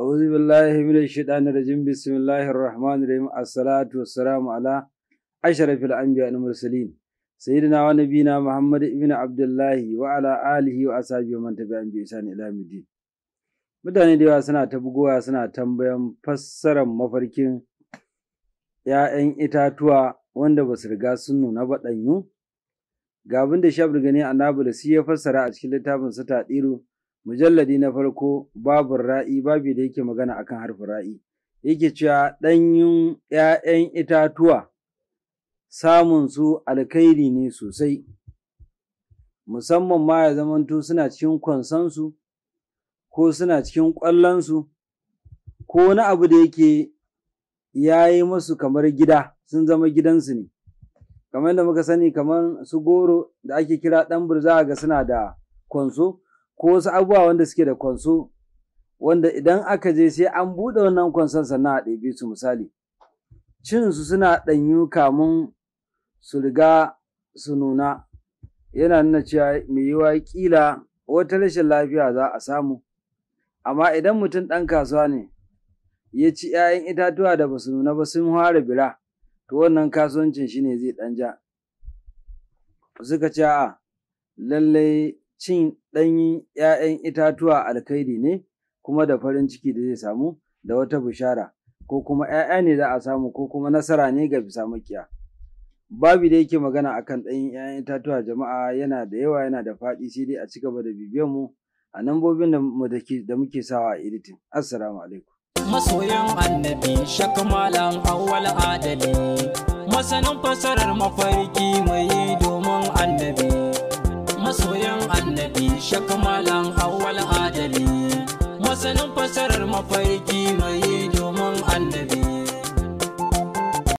أعوذ بالله من الشيطان الرجيم بسم الله الرحمن الرحيم الصلاة والسلام على أشرف الأنبياء والمرسلين سيدنا ونبينا محمد بن عبد الله وعلى آله وأصحابه من تبعهم بإحسان إلى يوم الدين mutane da yawa suna ta bugowa suna tambayan fassarar mafarkin ‘ya'yan itatuwa wanda ba su riga sun nuna ba ɗanyu ga abin da shafir gani annabi da ya fassara a cikin littafin su ɗiru mujalladi na farko babin ra'i babi da yake magana akan harfin ra'i yake cewa ɗanyun ‘ya'yan itatuwa samun su alkhairi ne sosai musamman ma ya zamanto suna cikin kwansansu ko suna cikin ƙwallonsu ko wani abu da yake ya yi musu kamar gida sun zama gidansu ne kamar da muka sani kamar su goro da ake kira ɗan burza ga suna da kwanso ko wasu abubuwa wanda suke da kwanso wanda idan aka je sai an buɗe wannan kwanson sannan a ɗebe su misali cin su suna ɗanyu kamun su riga su nuna yana nuna cewa mai yiwa ƙila wata rashin lafiya za a samu amma idan mutum ɗan kasuwa ne ya ci ‘ya'yan itatuwa da basu nuna ba sun fara bira to wannan kasuwancin shi ne zai ɗan ja suka ce a lallai cin ɗanyen ‘ya'yan itatuwa alkhairi ne kuma da farin ciki da zai samu da wata bishara ko kuma ‘ya'ya ne za a samu ko kuma nasara ne ga bisa makiya. Babu da yake magana a kan ɗanyen ‘ya'yan itatuwa jama'a yana da yawa yana da faɗi sai dai a ci gaba da bibiyan mu a nambobin da muke sawa a editin. Assalamu alaikum. Masoyan annabi shakamalan adali masanin fasarar mafarki mai mafarki mai